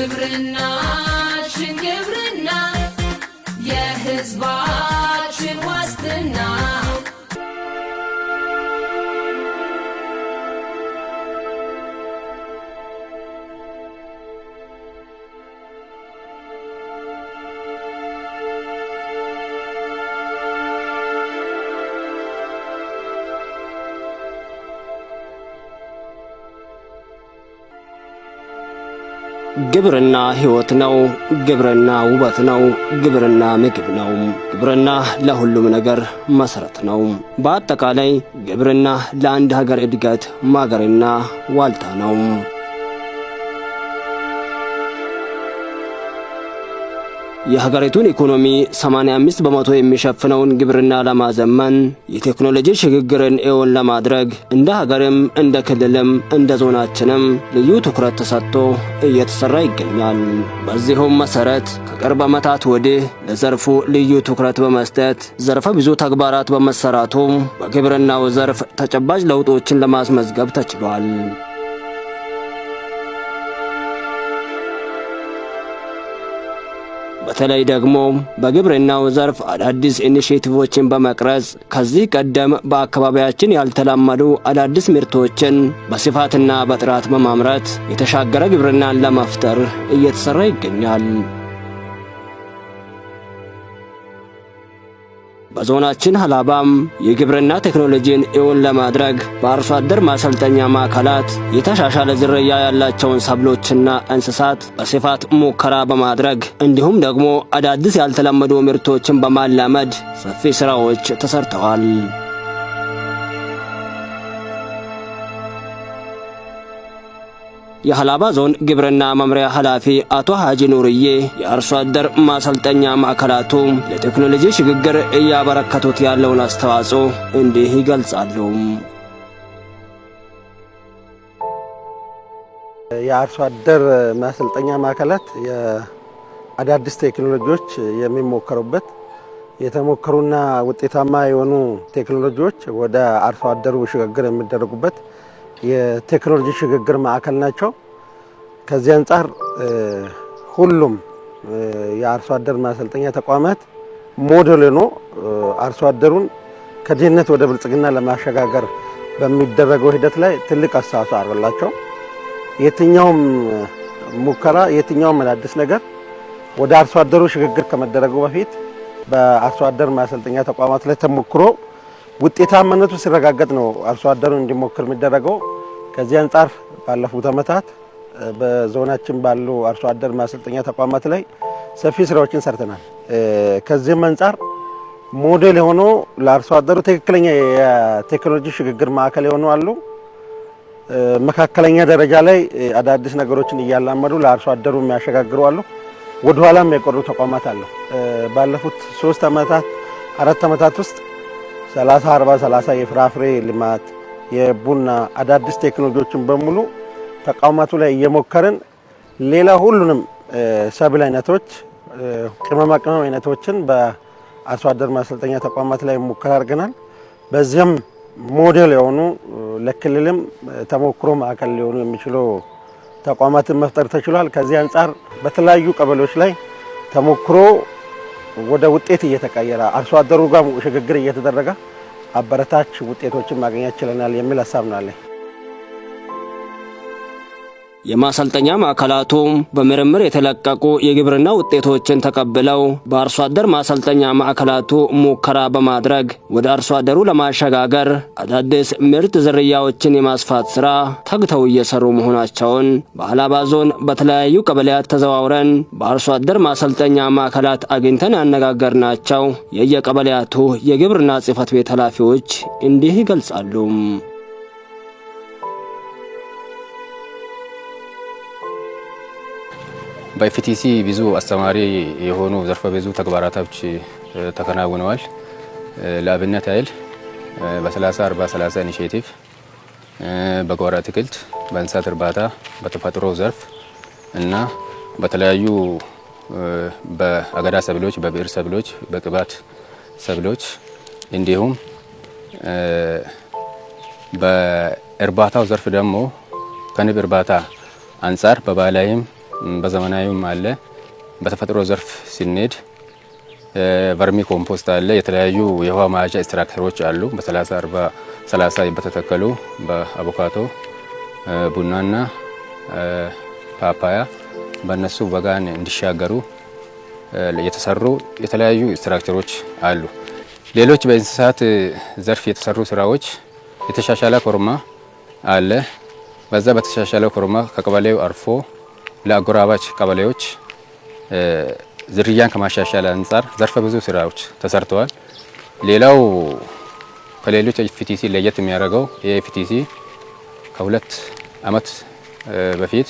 ግብርናችን ግብርና የህዝባ ግብርና ህይወት ነው። ግብርና ውበት ነው። ግብርና ምግብ ነው። ግብርና ለሁሉም ነገር መሰረት ነው። በአጠቃላይ ግብርና ለአንድ ሀገር እድገት ማገርና ዋልታ ነው። የሀገሪቱን ኢኮኖሚ 85 በመቶ የሚሸፍነውን ግብርና ለማዘመን የቴክኖሎጂ ሽግግርን እውን ለማድረግ እንደ ሀገርም እንደ ክልልም እንደ ዞናችንም ልዩ ትኩረት ተሰጥቶ እየተሰራ ይገኛል። በዚሁም መሰረት ከቅርብ ዓመታት ወዲህ ለዘርፉ ልዩ ትኩረት በመስጠት ዘርፈ ብዙ ተግባራት በመሰራቱ በግብርናው ዘርፍ ተጨባጭ ለውጦችን ለማስመዝገብ ተችሏል። በተለይ ደግሞ በግብርናው ዘርፍ አዳዲስ ኢኒሼቲቮችን በመቅረጽ ከዚህ ቀደም በአካባቢያችን ያልተላመዱ አዳዲስ ምርቶችን በስፋትና በጥራት በማምረት የተሻገረ ግብርናን ለመፍጠር እየተሰራ ይገኛል። በዞናችን ሀላባም የግብርና ቴክኖሎጂን እውን ለማድረግ በአርሶ አደር ማሰልጠኛ ማዕከላት የተሻሻለ ዝርያ ያላቸውን ሰብሎችና እንስሳት በስፋት ሙከራ በማድረግ እንዲሁም ደግሞ አዳዲስ ያልተለመዱ ምርቶችን በማላመድ ሰፊ ስራዎች ተሰርተዋል። የሀላባ ዞን ግብርና መምሪያ ኃላፊ አቶ ሀጂ ኑርዬ የአርሶ አደር ማሰልጠኛ ማዕከላቱ ለቴክኖሎጂ ሽግግር እያበረከቱት ያለውን አስተዋጽኦ እንዲህ ይገልጻሉ። የአርሶ አደር ማሰልጠኛ ማዕከላት የአዳዲስ ቴክኖሎጂዎች የሚሞከሩበት የተሞከሩና ውጤታማ የሆኑ ቴክኖሎጂዎች ወደ አርሶ አደሩ ሽግግር የሚደረጉበት የቴክኖሎጂ ሽግግር ማዕከል ናቸው። ከዚህ አንጻር ሁሉም የአርሶ አደር ማሰልጠኛ ተቋማት ሞዴል ሆኖ አርሶ አደሩን ከድህነት ወደ ብልጽግና ለማሸጋገር በሚደረገው ሂደት ላይ ትልቅ አስተዋጽኦ አላቸው። የትኛውም ሙከራ፣ የትኛውም አዲስ ነገር ወደ አርሶ አደሩ ሽግግር ከመደረጉ በፊት በአርሶ አደር ማሰልጠኛ ተቋማት ላይ ተሞክሮ ውጤታማነቱ ሲረጋገጥ ነው አርሶ አደሩ እንዲሞክር የሚደረገው። ከዚህ አንጻር ባለፉት ዓመታት በዞናችን ባሉ አርሶ አደር ማሰልጠኛ ተቋማት ላይ ሰፊ ስራዎችን ሰርተናል። ከዚህም አንጻር ሞዴል የሆኑ ለአርሶ አደሩ ትክክለኛ የቴክኖሎጂ ሽግግር ማዕከል የሆኑ አሉ። መካከለኛ ደረጃ ላይ አዳዲስ ነገሮችን እያላመዱ ለአርሶ አደሩ የሚያሸጋግሩ አሉ። ወደኋላም የቆሩ ተቋማት አሉ። ባለፉት ሶስት ዓመታት አራት ዓመታት ውስጥ ሰላሳ አርባ ሰላሳ የፍራፍሬ ልማት የቡና አዳዲስ ቴክኖሎጂዎችን በሙሉ ተቋማቱ ላይ እየሞከርን ሌላ ሁሉንም ሰብል አይነቶች ቅመማ ቅመም አይነቶችን በአርሶ አደር ማሰልጠኛ ተቋማት ላይ ሙከራ አድርገናል። በዚህም ሞዴል የሆኑ ለክልልም ተሞክሮ ማዕከል ሊሆኑ የሚችሉ ተቋማትን መፍጠር ተችሏል። ከዚህ አንጻር በተለያዩ ቀበሌዎች ላይ ተሞክሮ ወደ ውጤት እየተቀየረ አርሶ አደሩ ጋር ሽግግር እየተደረገ አበረታች ውጤቶችን ማግኘት ችለናል የሚል ሀሳብ ነው አለኝ። የማሰልጠኛ ማዕከላቱ በምርምር የተለቀቁ የግብርና ውጤቶችን ተቀብለው በአርሶ አደር ማሰልጠኛ ማዕከላቱ ሙከራ በማድረግ ወደ አርሶ አደሩ ለማሸጋገር አዳዲስ ምርት ዝርያዎችን የማስፋት ስራ ተግተው እየሰሩ መሆናቸውን በሀላባ ዞን በተለያዩ ቀበሌያት ተዘዋውረን በአርሶ አደር ማሰልጠኛ ማዕከላት አግኝተን ያነጋገርናቸው የየቀበሌያቱ የግብርና ጽህፈት ቤት ኃላፊዎች እንዲህ ይገልጻሉ። በኤፍቲሲ ብዙ አስተማሪ የሆኑ ዘርፈ ብዙ ተግባራቶች ተከናውነዋል። ለአብነት ያህል በ30 40 30 ኢኒሼቲቭ በጓሮ አትክልት፣ በእንስሳት እርባታ፣ በተፈጥሮ ዘርፍ እና በተለያዩ በአገዳ ሰብሎች፣ በብዕር ሰብሎች፣ በቅባት ሰብሎች እንዲሁም በእርባታው ዘርፍ ደግሞ ከንብ እርባታ አንጻር በባህላዊም በዘመናዊም አለ። በተፈጥሮ ዘርፍ ስንሄድ ቨርሚ ኮምፖስት አለ። የተለያዩ የውሃ መያዣ ስትራክቸሮች አሉ። በ30 40 30 በተተከሉ በአቮካዶ ቡናና ፓፓያ በእነሱ በጋን እንዲሻገሩ የተሰሩ የተለያዩ ስትራክቸሮች አሉ። ሌሎች በእንስሳት ዘርፍ የተሰሩ ስራዎች የተሻሻለ ኮርማ አለ። በዛ በተሻሻለ ኮርማ ከቀበሌው አርፎ ለአጎራባች ቀበሌዎች ዝርያን ከማሻሻል አንጻር ዘርፈ ብዙ ስራዎች ተሰርተዋል። ሌላው ከሌሎች ኤፍቲሲ ለየት የሚያደርገው የኤፍቲሲ ከሁለት አመት በፊት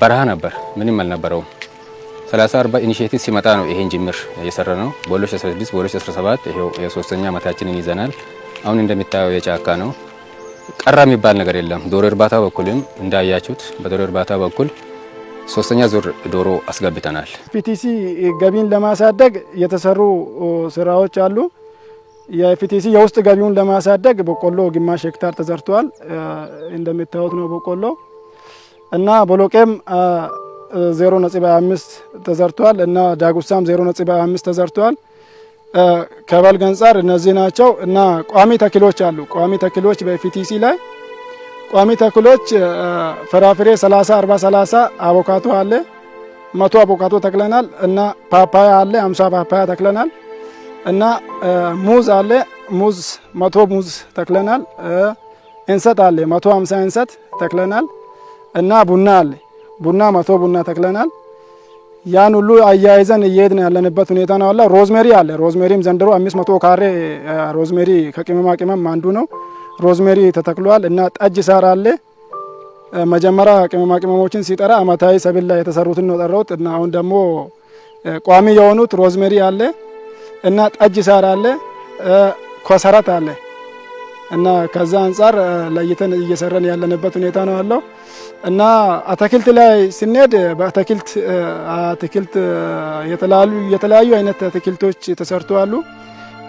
በረሃ ነበር፣ ምንም አልነበረውም። 30 40 ኢኒሼቲቭ ሲመጣ ነው ይሄን ጅምር እየሰራ ነው። በ2016 በ2017 ይሄው የሶስተኛ አመታችንን ይዘናል። አሁን እንደሚታየው የጫካ ነው። ቀረ የሚባል ነገር የለም። ዶሮ እርባታ በኩልም እንዳያችሁት በዶሮ እርባታ በኩል ሶስተኛ ዙር ዶሮ አስገብተናል። ፒቲሲ ገቢን ለማሳደግ የተሰሩ ስራዎች አሉ። የፒቲሲ የውስጥ ገቢውን ለማሳደግ በቆሎ ግማሽ ሄክታር ተዘርቷል። እንደሚታዩት ነው በቆሎ እና ቦሎቄም አምስት ተዘርቷል እና ዳጉሳም አምስት ተዘርቷል። ከበልግ አንጻር እነዚህ ናቸው እና ቋሚ ተክሎች አሉ። ቋሚ ተክሎች በፊቲሲ ላይ ቋሚ ተክሎች ፍራፍሬ 30 40 30 አቮካቶ አለ። መቶ አቮካቶ ተክለናል እና ፓፓያ አለ 50 ፓፓያ ተክለናል እና ሙዝ አለ። ሙዝ መቶ ሙዝ ተክለናል። እንሰት አለ 150 እንሰት ተክለናል እና ቡና አለ። ቡና መቶ ቡና ተክለናል። ያን ሁሉ አያይዘን እየሄድን ያለንበት ሁኔታ ነው ያለ። ሮዝሜሪ አለ። ሮዝሜሪም ዘንድሮ አምስት መቶ ካሬ ሮዝሜሪ ከቅመማ ቅመም አንዱ ነው። ሮዝሜሪ ተተክሏል እና ጠጅ ሳር አለ። መጀመሪያ ቅመማ ቅመሞችን ሲጠራ አመታዊ ሰብል ላይ የተሰሩትን ነው ጠራሁት እና አሁን ደግሞ ቋሚ የሆኑት ሮዝሜሪ አለ እና ጠጅ ሳር አለ፣ ኮሰረት አለ እና ከዛ አንጻር ለይተን እየሰራን ያለንበት ሁኔታ ነው አለው። እና አትክልት ላይ ስንሄድ በአትክልት አትክልት የተለያዩ አይነት አትክልቶች ተሰርቶ አሉ።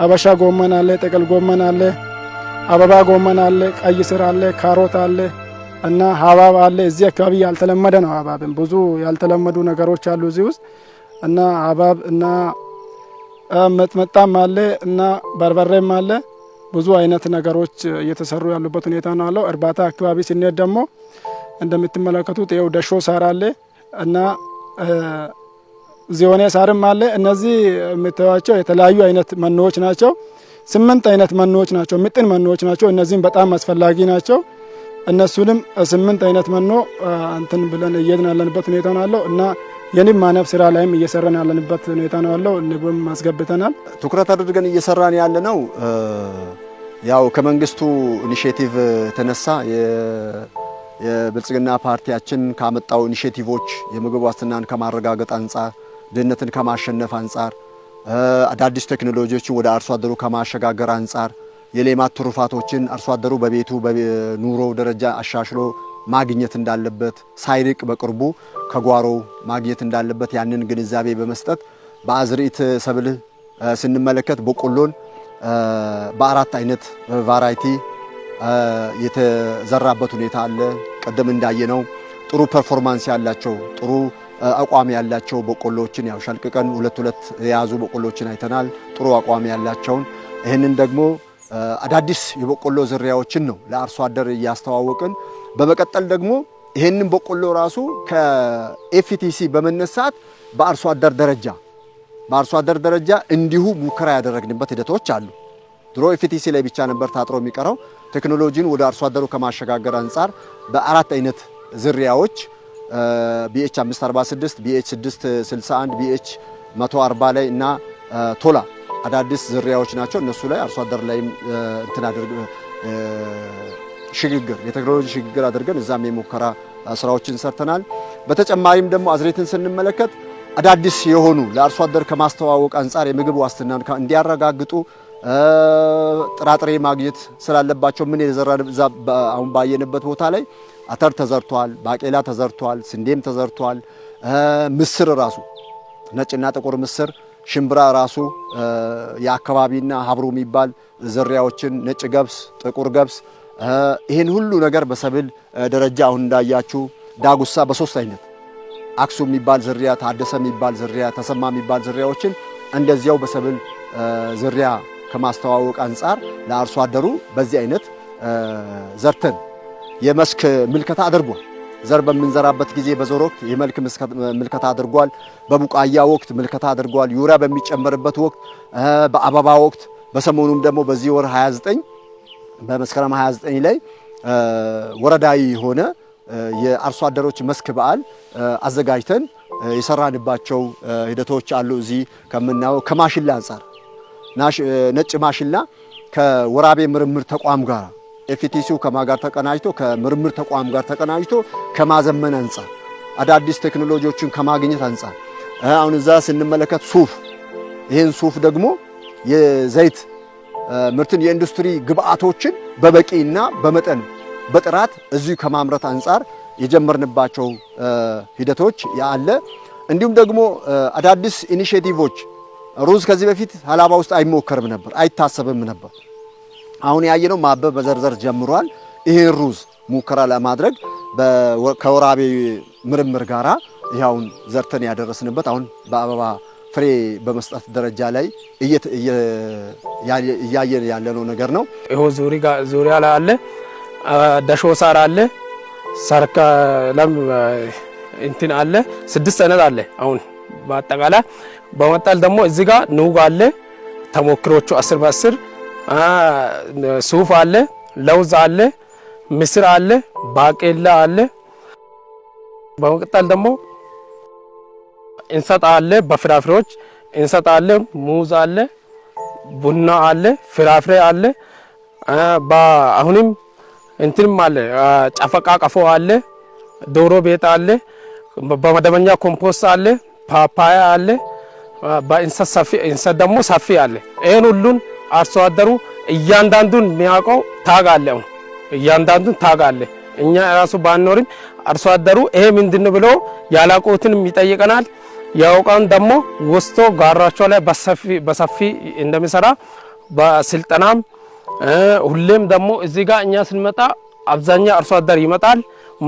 አበሻ ጎመን አለ፣ ጥቅል ጎመን አለ፣ አበባ ጎመን አለ፣ ቀይ ስር አለ፣ ካሮት አለ እና ሀባብ አለ። እዚህ አካባቢ ያልተለመደ ነው። ሀባብም ብዙ ያልተለመዱ ነገሮች አሉ እዚህ ውስጥ እና ሀባብ እና መጥመጣም አለ እና በርበሬም አለ ብዙ አይነት ነገሮች እየተሰሩ ያሉበት ሁኔታ ነው አለው። እርባታ አካባቢ ስንሄድ ደግሞ እንደምትመለከቱት ይኸው ደሾ ሳር አለ እና ዚሆኔ ሳርም አለ። እነዚህ የምታዩቸው የተለያዩ አይነት መኖዎች ናቸው። ስምንት አይነት መኖዎች ናቸው፣ ምጥን መኖዎች ናቸው። እነዚህም በጣም አስፈላጊ ናቸው። እነሱንም ስምንት አይነት መኖ እንትን ብለን እየድን ያለንበት ሁኔታ ነው አለው እና የንብ ማነብ ስራ ላይም እየሰራን ያለንበት ሁኔታ ነው አለው። ንብም አስገብተናል። ትኩረት አድርገን እየሰራን ያለ ነው ያው ከመንግስቱ ኢኒሼቲቭ የተነሳ የብልጽግና ፓርቲያችን ካመጣው ኢኒሼቲቮች የምግብ ዋስትናን ከማረጋገጥ አንጻር፣ ድህነትን ከማሸነፍ አንጻር፣ አዳዲስ ቴክኖሎጂዎችን ወደ አርሶ አደሩ ከማሸጋገር አንጻር፣ የሌማት ትሩፋቶችን አርሶ አደሩ በቤቱ በኑሮ ደረጃ አሻሽሎ ማግኘት እንዳለበት ሳይርቅ በቅርቡ ከጓሮ ማግኘት እንዳለበት ያንን ግንዛቤ በመስጠት በአዝርዕት ሰብል ስንመለከት በቆሎን በአራት አይነት ቫራይቲ የተዘራበት ሁኔታ አለ። ቀደም እንዳየነው ጥሩ ፐርፎርማንስ ያላቸው ጥሩ አቋም ያላቸው በቆሎችን ያው ሸልቅቀን ሁለት ሁለት የያዙ በቆሎችን አይተናል። ጥሩ አቋም ያላቸውን ይህንን ደግሞ አዳዲስ የበቆሎ ዝርያዎችን ነው ለአርሶ አደር እያስተዋወቅን በመቀጠል ደግሞ ይህንን በቆሎ ራሱ ከኤፍቲሲ በመነሳት በአርሶ አደር ደረጃ በአርሶ አደር ደረጃ እንዲሁ ሙከራ ያደረግንበት ሂደቶች አሉ። ድሮ ኤፍቲሲ ላይ ብቻ ነበር ታጥሮ የሚቀረው። ቴክኖሎጂን ወደ አርሶ አደሩ ከማሸጋገር አንጻር በአራት አይነት ዝርያዎች ቢኤች 546 ቢኤች 661 ቢኤች 140 ላይ እና ቶላ አዳዲስ ዝርያዎች ናቸው። እነሱ ላይ አርሶ አደር ላይም እንትን አድርግ ሽግግር የቴክኖሎጂ ሽግግር አድርገን እዛም የሙከራ ስራዎችን ሰርተናል። በተጨማሪም ደግሞ አዝሬትን ስንመለከት አዳዲስ የሆኑ ለአርሶ አደር ከማስተዋወቅ አንጻር የምግብ ዋስትናን እንዲያረጋግጡ ጥራጥሬ ማግኘት ስላለባቸው ምን የተዘራ አሁን ባየንበት ቦታ ላይ አተር ተዘርቷል፣ ባቄላ ተዘርቷል፣ ስንዴም ተዘርቷል። ምስር ራሱ ነጭና ጥቁር ምስር ሽምብራ ራሱ የአካባቢና ሀብሮ የሚባል ዝርያዎችን ነጭ ገብስ፣ ጥቁር ገብስ ይህን ሁሉ ነገር በሰብል ደረጃ አሁን እንዳያችሁ ዳጉሳ በሶስት አይነት አክሱም የሚባል ዝርያ፣ ታደሰ የሚባል ዝርያ፣ ተሰማ የሚባል ዝርያዎችን እንደዚያው በሰብል ዝርያ ከማስተዋወቅ አንጻር ለአርሶ አደሩ በዚህ አይነት ዘርተን የመስክ ምልከታ አድርጓል። ዘር በምንዘራበት ጊዜ በዘር ወቅት የመልክ ምልከታ አድርጓል። በቡቃያ ወቅት ምልከታ አድርጓል። ዩሪያ በሚጨመርበት ወቅት፣ በአበባ ወቅት፣ በሰሞኑም ደግሞ በዚህ ወር 29 በመስከረም 29 ላይ ወረዳዊ የሆነ የአርሶ አደሮች መስክ በዓል አዘጋጅተን የሰራንባቸው ሂደቶች አሉ። እዚህ ከምናየው ከማሽላ አንጻር ነጭ ማሽላ ከወራቤ ምርምር ተቋም ጋር ኤፍቲሲው ጋር ተቀናጅቶ ከምርምር ተቋም ጋር ተቀናጅቶ ከማዘመን አንጻር አዳዲስ ቴክኖሎጂዎችን ከማግኘት አንጻር አሁን እዛ ስንመለከት ሱፍ፣ ይህን ሱፍ ደግሞ የዘይት ምርትን የኢንዱስትሪ ግብአቶችን በበቂና በመጠን በጥራት እዚሁ ከማምረት አንጻር የጀመርንባቸው ሂደቶች አለ። እንዲሁም ደግሞ አዳዲስ ኢኒሼቲቮች ሩዝ ከዚህ በፊት ሀላባ ውስጥ አይሞከርም ነበር፣ አይታሰብም ነበር። አሁን ያየነው ማበብ መዘርዘር ጀምሯል። ይህን ሩዝ ሙከራ ለማድረግ ከወራቤ ምርምር ጋራ ይኸውን ዘርተን ያደረስንበት አሁን በአበባ ፍሬ በመስጠት ደረጃ ላይ እያየን ያለነው ነገር ነው። ይኸው ዙሪያ ላይ አለ ደሾ ሳር አለ ሳርከ ለም እንትን አለ ስድስት ሰነት አለ። አሁን በአጠቃላይ በመጣል ደግሞ እዚህ ጋር ንውግ አለ ተሞክሮቹ አስር በአስር ሱፍ አለ ለውዝ አለ ምስር አለ ባቄላ አለ። በመቀጠል ደግሞ እንሰጥ አለ በፍራፍሬዎች እንሰጥ አለ ሙዝ አለ ቡና አለ ፍራፍሬ አለ አሁንም እንትንም አለ፣ ጨፈቃ ቀፎ አለ፣ ዶሮ ቤት አለ፣ በመደበኛ ኮምፖስት አለ፣ ፓፓያ አለ፣ በእንሰት ደግሞ ሰፊ አለ። ይህን ሁሉን አርሶ አደሩ እያንዳንዱን የሚያውቀው ታግ አለ። እያንዳንዱን ታግ አለ። እኛ ራሱ ባኖርን አርሶ አደሩ ይሄ ምንድን ብሎ ያላቁትንም ይጠይቀናል። ያውቃን ደግሞ ወስቶ ጋራቸው ላይ በሰፊ እንደሚሰራ በስልጠናም ሁሌም ደግሞ እዚህ ጋር እኛ ስንመጣ አብዛኛ አርሶ አደር ይመጣል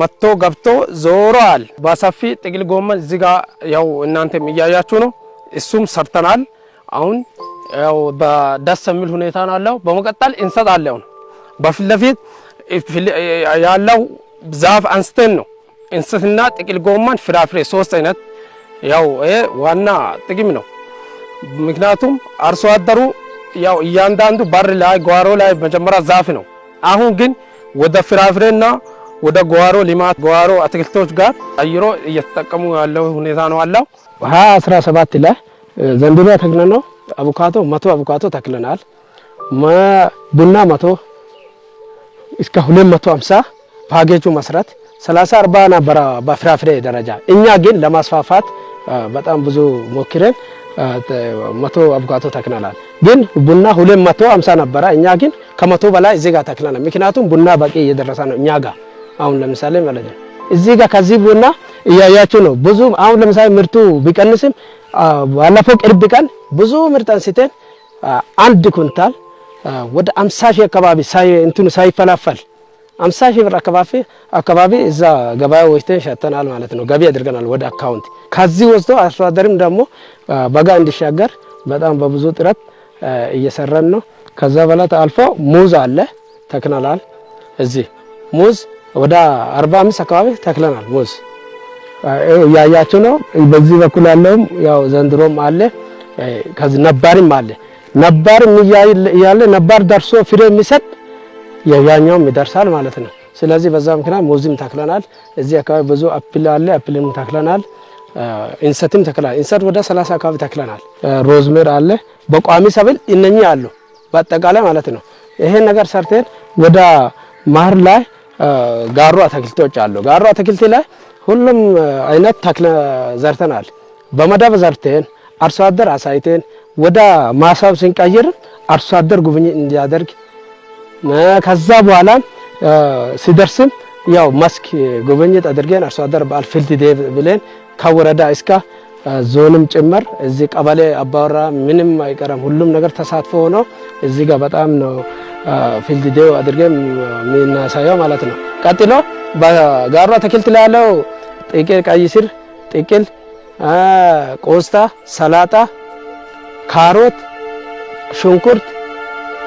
መጥቶ ገብቶ ዞረዋል። በሰፊ ጥቅል ጎመን እዚህ ጋር ያው እናንተም እያያችሁ ነው። እሱም ሰርተናል። አሁን ያው በደስ የሚል ሁኔታ ነው ያለው። በመቀጠል እንሰጣለን። በፊት ለፊት ያለው ዛፍ አንስተን ነው እንስትና ጥቅል ጎመን፣ ፍራፍሬ ሶስት አይነት ያው ዋና ጥቅም ነው። ምክንያቱም አርሶ አደሩ ያው እያንዳንዱ በር ላይ ጓሮ ላይ መጀመሪያ ዛፍ ነው። አሁን ግን ወደ ፍራፍሬና ወደ ጓሮ ልማት ጓሮ አትክልቶች ጋር ቀይሮ እየተጠቀሙ ያለው ሁኔታ ነው አለው። ሀያ አስራ ሰባት ላይ ዘንድሮ ነው አቮካዶ መቶ አቮካዶ ተክለናል። ቡና መቶ እስከ ሁለት መቶ ሀምሳ ፓኬጁ መስራት ሰላሳ አርባ ነበረ በፍራፍሬ ደረጃ። እኛ ግን ለማስፋፋት በጣም ብዙ ሞክረን መቶ አቮካዶ ተክለናል። ግን ቡና ሁለት መቶ ሀምሳ ነበረ። እኛ ግን ከመቶ በላይ እዚህ ጋር ተክለናል። ምክንያቱም ቡና በቂ እየደረሰ ነው እኛ ጋር አሁን ለምሳሌ ማለት ነው እዚህ ጋር ከዚህ ቡና እያያችሁ ነው። ብዙ አሁን ለምሳሌ ምርቱ ቢቀንስም ባለፈው ቅርብ ቀን ብዙ ምርት አንስተን አንድ ኩንታል ወደ አምሳ ሺህ አካባቢ እንትኑ ሳይፈላፈል አምሳ ሺህ ብር አካባቢ እዛ ገበያ ወስደን ሸተናል ማለት ነው። ገቢ አድርገናል ወደ አካውንት። ከዚህ ወስዶ አርሶ አደርም ደግሞ በጋ እንዲሻገር በጣም በብዙ ጥረት እየሰራን ነው። ከዛ በላት አልፎ ሙዝ አለ ተክለናል። እዚህ ሙዝ ወደ 45 አካባቢ ተክለናል። ሙዝ እያያችሁ ነው። በዚህ በኩል ያለውም ያው ዘንድሮም አለ ከዚህ ነባሪም አለ ነባር እያለ ነባር ደርሶ ፍሬ የሚሰጥ ያኛውም ይደርሳል ማለት ነው። ስለዚህ በዛ ምክንያት ሙዝም ተክለናል። እዚህ አካባቢ ብዙ አፕል አለ፣ አፕልም ተክለናል። እንሰትም ተክለናል። እንሰት ወደ 30 አካባቢ ተክለናል። ሮዝሜር አለ፣ በቋሚ ሰብል እነኚህ አሉ በአጠቃላይ ማለት ነው። ይሄን ነገር ሰርተን ወደ ማር ላይ ጋሮ አትክልቶች አሉ። ጋሮ አትክልት ላይ ሁሉም አይነት ተክለ ዘርተናል። በመደብ ዘርተን አርሶ አደር አሳይተን ወደ ማሳብ ስንቀይር አርሶ አደር ጉብኝት እንዲያደርግ ከዛ በኋላ ሲደርስም ያው መስክ ጉብኝት አድርገን አርሶ አደር በዓል ፊልድ ብለን ከወረዳ እስከ ዞንም ጭምር እዚህ ቀበሌ አባወራ ምንም አይቀረም፣ ሁሉም ነገር ተሳትፎ ሆኖ እዚህ ጋር በጣም ነው ፊልድ ዴ አድርገን የምናሳየው ማለት ነው። ቀጥሎ በጋሯ ተክልት ላይ ያለው ጥቅል፣ ቀይ ስር፣ ጥቅል፣ ቆስጣ፣ ሰላጣ፣ ካሮት፣ ሽንኩርት፣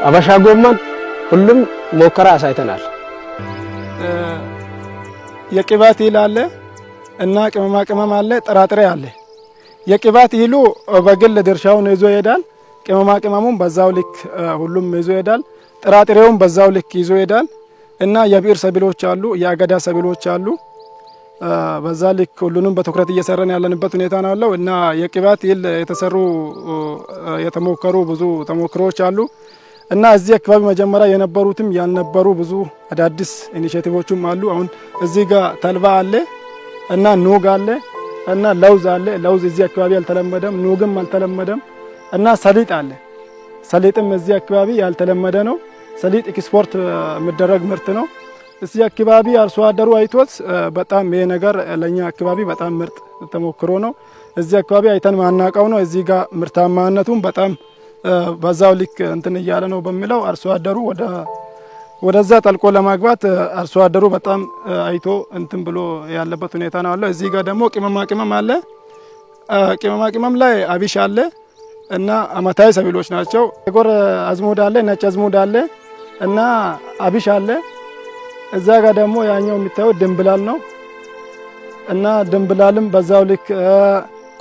አበሻ ጎመን ሁሉም ሞከራ አሳይተናል። የቅባት ይል አለ እና ቅመማ ቅመም አለ፣ ጥራጥሬ አለ። የቅባት ይሉ በግል ድርሻውን ይዞ ይሄዳል። ቅመማ ቅመሙን በዛው ልክ ሁሉም ይዞ ይሄዳል። ጥራጥሬውን በዛው ልክ ይዞ ይሄዳል እና የብዕር ሰብሎች አሉ፣ የአገዳ ሰብሎች አሉ። በዛ ልክ ሁሉንም በትኩረት እየሰራን ያለንበት ሁኔታ ነው ያለው እና የቅባት ይል የተሰሩ የተሞከሩ ብዙ ተሞክሮዎች አሉ። እና እዚህ አካባቢ መጀመሪያ የነበሩትም ያልነበሩ ብዙ አዳዲስ ኢኒሼቲቮችም አሉ። አሁን እዚህ ጋር ተልባ አለ እና ኑግ አለ እና ለውዝ አለ። ለውዝ እዚህ አካባቢ አልተለመደም፣ ኑግም አልተለመደም እና ሰሊጥ አለ። ሰሊጥም እዚህ አካባቢ ያልተለመደ ነው። ሰሊጥ ኤክስፖርት የሚደረግ ምርት ነው። እዚህ አካባቢ አርሶ አደሩ አይቶት በጣም ይሄ ነገር ለኛ አካባቢ በጣም ምርጥ ተሞክሮ ነው። እዚህ አካባቢ አይተን ማናቀው ነው። እዚህ ጋር ምርታማነቱም በጣም በዛው ልክ እንትን እያለ ነው በሚለው አርሶ አደሩ ወደ ወደዛ ጠልቆ ለማግባት አርሶ አደሩ በጣም አይቶ እንትን ብሎ ያለበት ሁኔታ ነው አለው። እዚህ ጋር ደግሞ ቅመማ ቅመም አለ። ቅመማ ቅመም ላይ አቢሽ አለ እና አመታዊ ሰብሎች ናቸው። የጎር አዝሙድ አለ፣ ነጭ አዝሙድ አለ እና አቢሽ አለ። እዛ ጋር ደግሞ ያኛው የሚታየው ድንብላል ነው እና ድንብላልም በዛው ልክ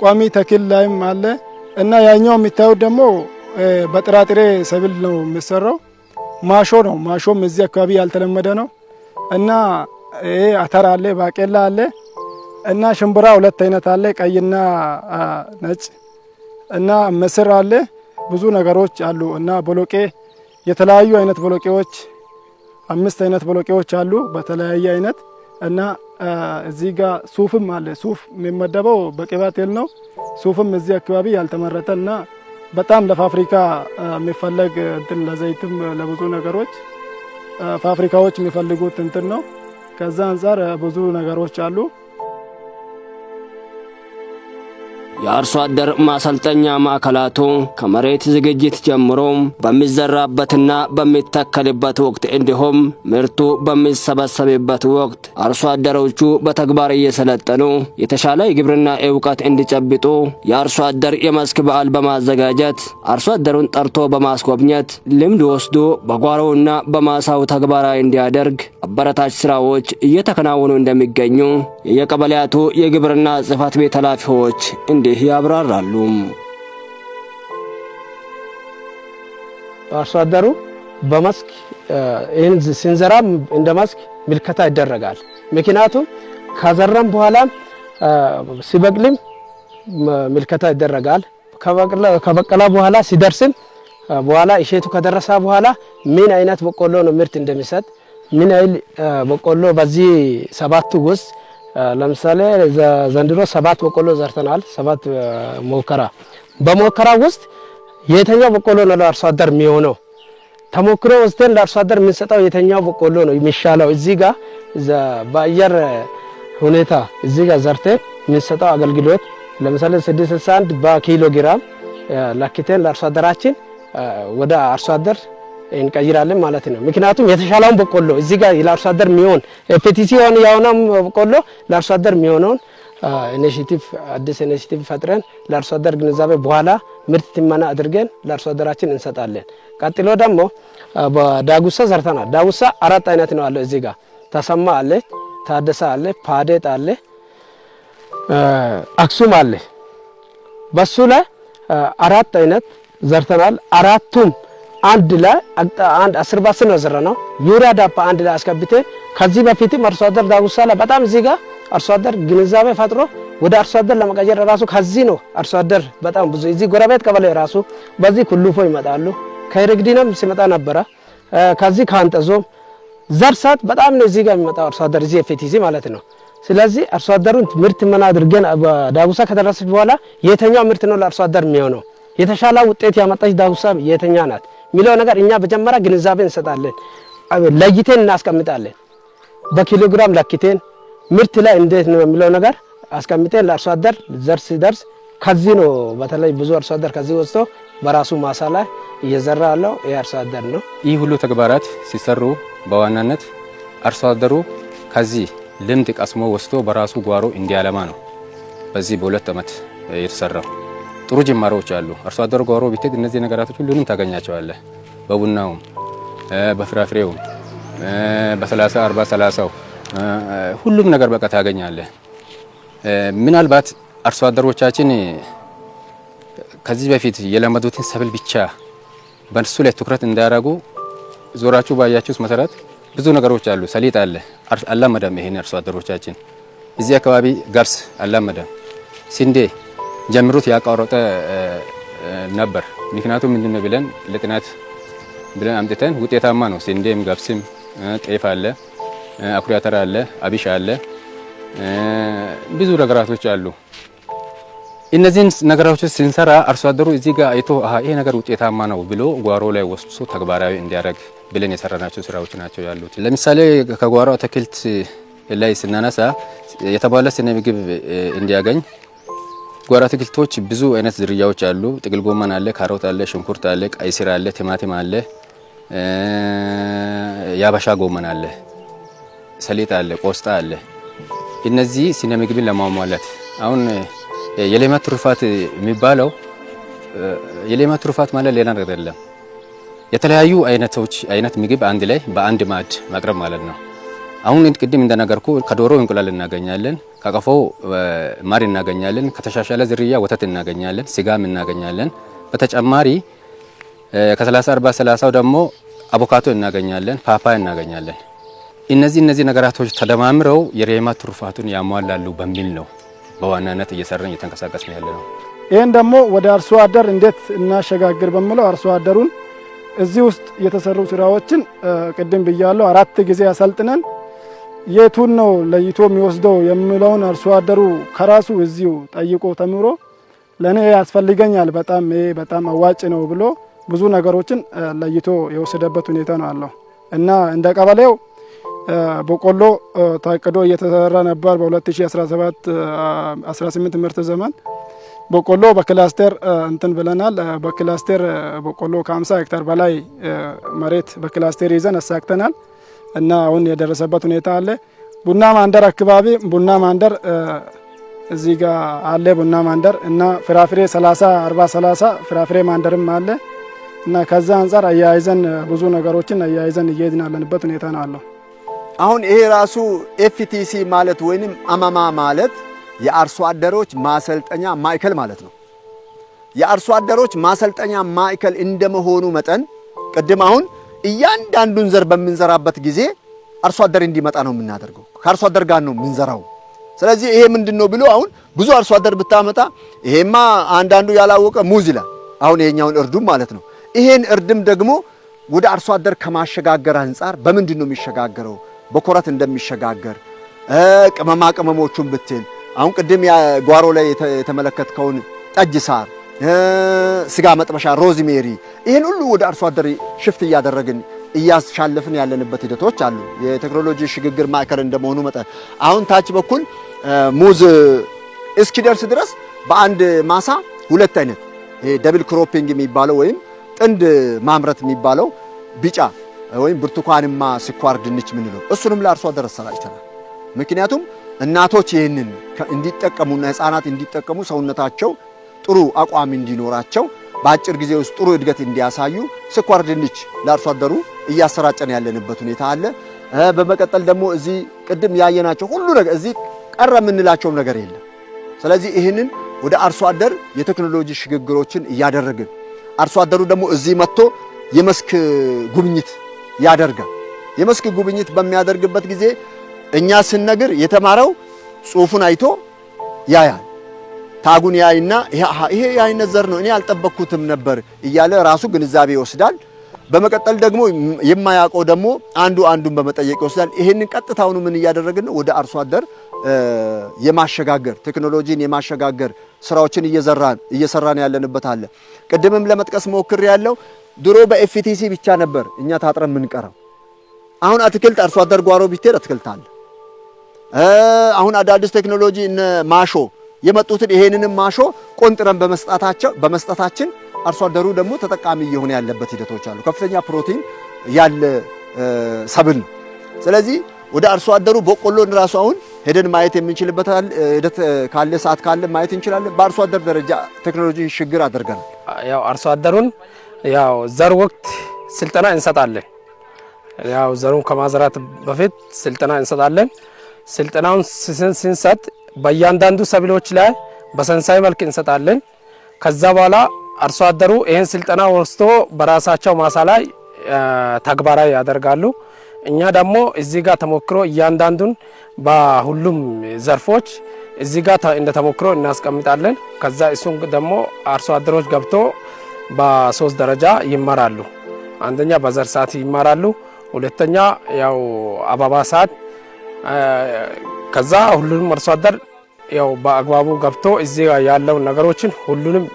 ቋሚ ተክል ላይም አለ እና ያኛው የሚታየው ደግሞ በጥራጥሬ ሰብል ነው የሚሰራው። ማሾ ነው። ማሾም እዚህ አካባቢ ያልተለመደ ነው እና ይሄ አተር አለ፣ ባቄላ አለ እና ሽምብራ ሁለት አይነት አለ፣ ቀይና ነጭ እና ምስር አለ። ብዙ ነገሮች አሉ እና ቦሎቄ፣ የተለያዩ አይነት ቦሎቄዎች አምስት አይነት ቦሎቄዎች አሉ በተለያየ አይነት እና እዚህ ጋር ሱፍም አለ። ሱፍ የሚመደበው በቅባት ቴል ነው። ሱፍም እዚህ አካባቢ ያልተመረተ እና በጣም ለፋብሪካ የሚፈለግ እንትን ለዘይትም ለብዙ ነገሮች ፋብሪካዎች የሚፈልጉት እንትን ነው። ከዛ አንጻር ብዙ ነገሮች አሉ። የአርሶ አደር ማሰልጠኛ ማዕከላቱ ከመሬት ዝግጅት ጀምሮ በሚዘራበትና በሚተከልበት ወቅት እንዲሁም ምርቱ በሚሰበሰብበት ወቅት አርሶ አደሮቹ በተግባር እየሰለጠኑ የተሻለ የግብርና እውቀት እንዲጨብጡ የአርሶ አደር የመስክ በዓል በማዘጋጀት አርሶ አደሩን ጠርቶ በማስጎብኘት ልምድ ወስዶ በጓሮውና በማሳው ተግባራዊ እንዲያደርግ አበረታች ስራዎች እየተከናወኑ እንደሚገኙ የየቀበሌያቱ የግብርና ጽሕፈት ቤት ኃላፊዎች እንዲ እንዲህ ያብራራሉ። አርሶ አደሩ በመስክ ይህን ስንዘራ እንደ መስክ ምልከታ ይደረጋል። ምክንያቱም ከዘረም በኋላ ሲበቅልም ምልከታ ይደረጋል። ከበቀለ በኋላ ሲደርስም በኋላ እሸቱ ከደረሰ በኋላ ምን አይነት በቆሎ ነው ምርት እንደሚሰጥ ምን አይል በቆሎ በዚህ ሰባቱ ውስጥ ለምሳሌ ዘንድሮ ሰባት በቆሎ ዘርተናል። ሰባት ሞከራ በሞከራ ውስጥ የተኛው በቆሎ ነው ለአርሶ አደር የሚሆነው? ተሞክሮ ወስደን ለአርሶ አደር የምንሰጠው የተኛው በቆሎ ነው የሚሻለው? እዚህ ጋር በአየር ሁኔታ እዚህ ጋር ዘርተን የምንሰጠው አገልግሎት ለምሳሌ 661 በኪሎ ግራም ለክተን ለአርሶ አደራችን ወደ አርሶ አደር እንቀይራለን ማለት ነው። ምክንያቱም የተሻለውን በቆሎ እዚህ ጋር ለአርሶ አደር የሚሆን ፔቲሲ የሆነም በቆሎ ለአርሶ አደር የሚሆነውን ኢኒሽቲቭ አዲስ ኢኒሽቲቭ ፈጥረን ለአርሶ አደር ግንዛቤ በኋላ ምርት ትመና አድርገን ለአርሶ አደራችን እንሰጣለን። ቀጥሎ ደግሞ በዳጉሳ ዘርተናል። ዳጉሳ አራት አይነት ነው አለ እዚህ ጋር ተሰማ አለ፣ ታደሳ አለ፣ ፓዴጥ አለ፣ አክሱም አለ። በሱ ላይ አራት አይነት ዘርተናል። አራቱም አንድ ላይ አንድ አስር ባስ ነው ዘራ ነው ዩሪያ ዳፓ አንድ ላይ አስገብቴ ከዚህ በፊትም አርሶ አደር ዳጉሳ ላይ በጣም እዚህ ጋር አርሶ አደር ግንዛቤ ፈጥሮ ወደ አርሶ አደር ለመቀየር ራሱ ከዚህ ነው አርሶ አደር በጣም ብዙ እዚህ ጎረቤት ቀበሌ ራሱ በዚህ ኩልፎ ይመጣሉ። ከረግዲናም ሲመጣ ነበረ። ከዚህ ካንጠዞም ዘርሳት በጣም ነው እዚህ ጋር የሚመጣው አርሶ አደር እዚህ የፊት ማለት ነው። ስለዚህ አርሶ አደሩን ምርት ምን አድርገን ዳጉሳ ከደረሰች በኋላ የተኛው ምርት ነው ለአርሶ አደር የሚሆነው የተሻለ ውጤት ያመጣች ዳጉሳ የተኛ ናት። የሚለው ነገር እኛ በጀመራ ግንዛቤ እንሰጣለን፣ ለይቴን እናስቀምጣለን። በኪሎግራም ለክቴን ምርት ላይ እንዴት ነው የሚለው ነገር አስቀምጠን ለአርሶ አደር ዘር ሲደርስ ከዚህ ነው። በተለይ ብዙ አርሶ አደር ከዚህ ወስቶ በራሱ ማሳ ላይ እየዘራ ያለው ይህ አርሶ አደር ነው። ይህ ሁሉ ተግባራት ሲሰሩ በዋናነት አርሶ አደሩ ከዚህ ልምድ ቀስሞ ወስዶ በራሱ ጓሮ እንዲያለማ ነው። በዚህ በሁለት ዓመት የተሰራው ጥሩ ጅማሬዎች አሉ። አርሶ አደሩ ጓሮ ቢትሄድ እነዚህ ነገራቶች ሁሉንም ታገኛቸዋለህ። በቡናው፣ በሰላሳ በ30 40 30 ሁሉም ነገር በቃ ታገኛለህ። ምናልባት አርሶ አደሮቻችን ከዚህ በፊት የለመዱትን ሰብል ብቻ በእሱ ላይ ትኩረት እንዳያደርጉ ዞራችሁ ባያችሁት መሰረት ብዙ ነገሮች አሉ። ሰሊጥ አለ አላመደም። ይሄን አርሶ አደሮቻችን እዚህ አካባቢ ገብስ አላመደም። ስንዴ ጀምሩት ያቋረጠ ነበር። ምክንያቱም ምንድነው ብለን ለጥናት ብለን አምጥተን ውጤታማ ነው። ስንዴም፣ ገብስም፣ ጤፍ አለ፣ አኩሪ አተር አለ፣ አቢሽ አለ፣ ብዙ ነገራቶች አሉ። እነዚህን ነገሮች ስንሰራ አርሶ አደሩ እዚህ ጋር አይቶ ይሄ ነገር ውጤታማ ነው ብሎ ጓሮ ላይ ወስዶ ተግባራዊ እንዲያደርግ ብለን የሰራናቸው ስራዎች ናቸው ያሉት። ለምሳሌ ከጓሮ አትክልት ላይ ስናነሳ የተባለ ስነ ምግብ እንዲያገኝ ጓራ አትክልቶች ብዙ አይነት ዝርያዎች አሉ። ጥቅል ጎመን አለ፣ ካሮት አለ፣ ሽንኩርት አለ፣ ቀይስር አለ፣ ቲማቲም አለ፣ የአበሻ ጎመን አለ፣ ሰሊጥ አለ፣ ቆስጣ አለ። እነዚህ ስነ ምግብን ለማሟላት አሁን የሌማት ትሩፋት የሚባለው የሌማት ትሩፋት ማለት ሌላ ነገር አይደለም። የተለያዩ አይነቶች አይነት ምግብ አንድ ላይ በአንድ ማዕድ ማቅረብ ማለት ነው። አሁን ቅድም እንደነገርኩ ከዶሮ እንቁላል እናገኛለን፣ ከቀፎ ማር እናገኛለን፣ ከተሻሻለ ዝርያ ወተት እናገኛለን፣ ስጋም እናገኛለን። በተጨማሪ ከ30 40 30 ደግሞ አቮካዶ እናገኛለን፣ ፓፓያ እናገኛለን። እነዚህ እነዚህ ነገራቶች ተደማምረው የሬማ ትሩፋቱን ያሟላሉ በሚል ነው በዋናነት እየሰራን እየተንቀሳቀስን ያለ ነው። ይህን ደግሞ ወደ አርሶ አደር እንዴት እናሸጋግር በሚለው አርሶ አደሩን እዚህ ውስጥ የተሰሩ ስራዎችን ቅድም ብያለሁ አራት ጊዜ ያሰልጥነን የቱን ነው ለይቶ የሚወስደው የምለውን አርሶ አደሩ ከራሱ እዚሁ ጠይቆ ተምሮ ለእኔ ያስፈልገኛል በጣም ይሄ በጣም አዋጭ ነው ብሎ ብዙ ነገሮችን ለይቶ የወሰደበት ሁኔታ ነው አለው እና እንደ ቀበሌው በቆሎ ታቅዶ እየተሰራ ነበር። በ2017 18 ምርት ዘመን በቆሎ በክላስተር እንትን ብለናል። በክላስተር በቆሎ ከ50 ሄክታር በላይ መሬት በክላስተር ይዘን አሳክተናል። እና አሁን የደረሰበት ሁኔታ አለ። ቡና ማንደር አካባቢ ቡና ማንደር እዚህ ጋር አለ ቡና ማንደር እና ፍራፍሬ 30 40 30 ፍራፍሬ ማንደርም አለ እና ከዛ አንጻር አያይዘን ብዙ ነገሮችን አያይዘን እየሄድን ያለንበት ሁኔታ ነው አለው። አሁን ይሄ ራሱ ኤፍቲሲ ማለት ወይንም አማማ ማለት የአርሶ አደሮች ማሰልጠኛ ማዕከል ማለት ነው። የአርሶ አደሮች ማሰልጠኛ ማዕከል እንደመሆኑ መጠን ቅድም አሁን እያንዳንዱን ዘር በምንዘራበት ጊዜ አርሶ አደር እንዲመጣ ነው የምናደርገው። ከአርሶ አደር ጋር ነው የምንዘራው። ስለዚህ ይሄ ምንድን ነው ብሎ አሁን ብዙ አርሶ አደር ብታመጣ ይሄማ አንዳንዱ ያላወቀ ሙዝ ይላል። አሁን ይሄኛውን እርዱም ማለት ነው። ይሄን እርድም ደግሞ ወደ አርሶ አደር ከማሸጋገር አንጻር በምንድን ነው የሚሸጋገረው? በኮረት እንደሚሸጋገር ቅመማ ቅመሞቹን ብትል አሁን ቅድም ጓሮ ላይ የተመለከትከውን ጠጅ ሳር ስጋ መጥበሻ፣ ሮዝሜሪ ይህን ሁሉ ወደ አርሶ አደር ሽፍት እያደረግን እያሻለፍን ያለንበት ሂደቶች አሉ። የቴክኖሎጂ ሽግግር ማዕከል እንደመሆኑ መጠን አሁን ታች በኩል ሙዝ እስኪደርስ ድረስ በአንድ ማሳ ሁለት አይነት ደብል ክሮፒንግ የሚባለው ወይም ጥንድ ማምረት የሚባለው ቢጫ ወይም ብርቱካንማ ስኳር ድንች ምንለው እሱንም ለአርሶ አደር አሰራጭተናል። ምክንያቱም እናቶች ይህንን እንዲጠቀሙና ህፃናት እንዲጠቀሙ ሰውነታቸው ጥሩ አቋም እንዲኖራቸው በአጭር ጊዜ ውስጥ ጥሩ እድገት እንዲያሳዩ ስኳር ድንች ለአርሶ አደሩ እያሰራጨን ያለንበት ሁኔታ አለ። በመቀጠል ደግሞ እዚህ ቅድም ያየናቸው ሁሉ ነገር እዚህ ቀረ የምንላቸውም ነገር የለም። ስለዚህ ይህንን ወደ አርሶ አደር የቴክኖሎጂ ሽግግሮችን እያደረግን አርሶ አደሩ ደግሞ እዚህ መጥቶ የመስክ ጉብኝት ያደርጋል። የመስክ ጉብኝት በሚያደርግበት ጊዜ እኛ ስነግር የተማረው ጽሑፉን አይቶ ያያል። ታጉን ያይና ይሄ የአይነት ዘር ነው እኔ አልጠበኩትም ነበር እያለ ራሱ ግንዛቤ ይወስዳል። በመቀጠል ደግሞ የማያውቀው ደግሞ አንዱ አንዱን በመጠየቅ ይወስዳል። ይሄንን ቀጥታውኑ ምን እያደረግን ነው? ወደ አርሶ አደር የማሸጋገር ቴክኖሎጂን የማሸጋገር ስራዎችን እየዘራን እየሰራን ያለንበት አለ። ቅድምም ለመጥቀስ ሞክር ያለው ድሮ በኤፍቲሲ ብቻ ነበር እኛ ታጥረን የምንቀረው። አሁን አትክልት አርሶ አደር ጓሮ ቢትሄድ አትክልት አለ። አሁን አዳዲስ ቴክኖሎጂ ማሾ የመጡትን ይሄንንም ማሾ ቆንጥረን በመስጣታቸው በመስጠታችን አርሶ አደሩ ደግሞ ተጠቃሚ እየሆነ ያለበት ሂደቶች አሉ። ከፍተኛ ፕሮቲን ያለ ሰብል ስለዚህ ወደ አርሶ አደሩ በቆሎን ራሱ አሁን ሄደን ማየት የምንችልበት ሂደት ካለ ሰዓት ካለ ማየት እንችላለን። በአርሶ አደር ደረጃ ቴክኖሎጂ ሽግግር አድርገናል። ያው አርሶ አደሩን ያው ዘር ወቅት ስልጠና እንሰጣለን። ያው ዘሩን ከማዝራት በፊት ስልጠና እንሰጣለን። ስልጠናውን ስንሰጥ በእያንዳንዱ ሰብሎች ላይ በሰንሳይ መልክ እንሰጣለን። ከዛ በኋላ አርሶ አደሩ ይህን ስልጠና ወስዶ በራሳቸው ማሳ ላይ ተግባራዊ ያደርጋሉ። እኛ ደግሞ እዚህ ጋር ተሞክሮ እያንዳንዱን በሁሉም ዘርፎች እዚህ ጋር እንደ ተሞክሮ እናስቀምጣለን። ከዛ እሱን ደግሞ አርሶ አደሮች ገብቶ በሶስት ደረጃ ይማራሉ። አንደኛ በዘር ሰዓት ይማራሉ። ሁለተኛ ያው አበባ ሰዓት ከዛ ሁሉንም አርሶ አደር ያው በአግባቡ ገብቶ እዚህ ያለው ነገሮችን ሁሉንም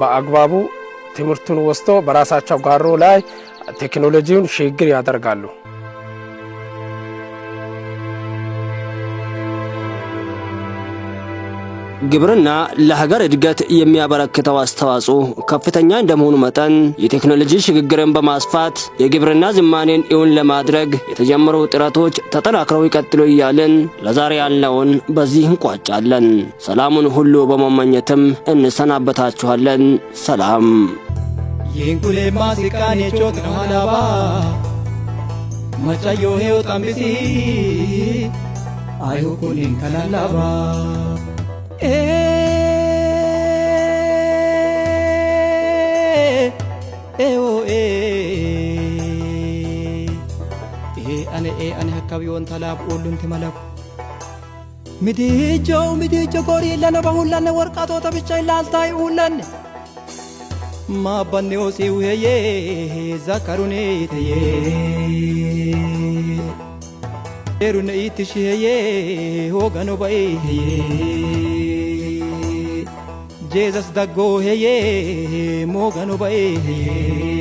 በአግባቡ ትምህርቱን ወስቶ በራሳቸው ጓሮ ላይ ቴክኖሎጂውን ሽግግር ያደርጋሉ። ግብርና ለሀገር እድገት የሚያበረክተው አስተዋጽኦ ከፍተኛ እንደመሆኑ መጠን የቴክኖሎጂ ሽግግርን በማስፋት የግብርና ዝማኔን እውን ለማድረግ የተጀመሩ ጥረቶች ተጠናክረው ይቀጥሉ እያልን ለዛሬ ያለውን በዚህ እንቋጫለን። ሰላሙን ሁሉ በመመኘትም እንሰናበታችኋለን። ሰላም ይንኩሌማ ሲቃኔ ቾት ነው አዳባ መጫዮ ሄው ጠንብሲ አይሁኩኒን ከላላባ ane ee ane hakkabi wonta laaf oolunti malaku midiijjoo midiijjo goori illanne ba hullanne worqaatoota bicha ilaaltaa uullanne maabbanne osii uheyee zakkaruneeteyee eerunne iittishiheyee hoogano ba'eeteyee Jesus da go hey, hey, mo Morgan obey. hey.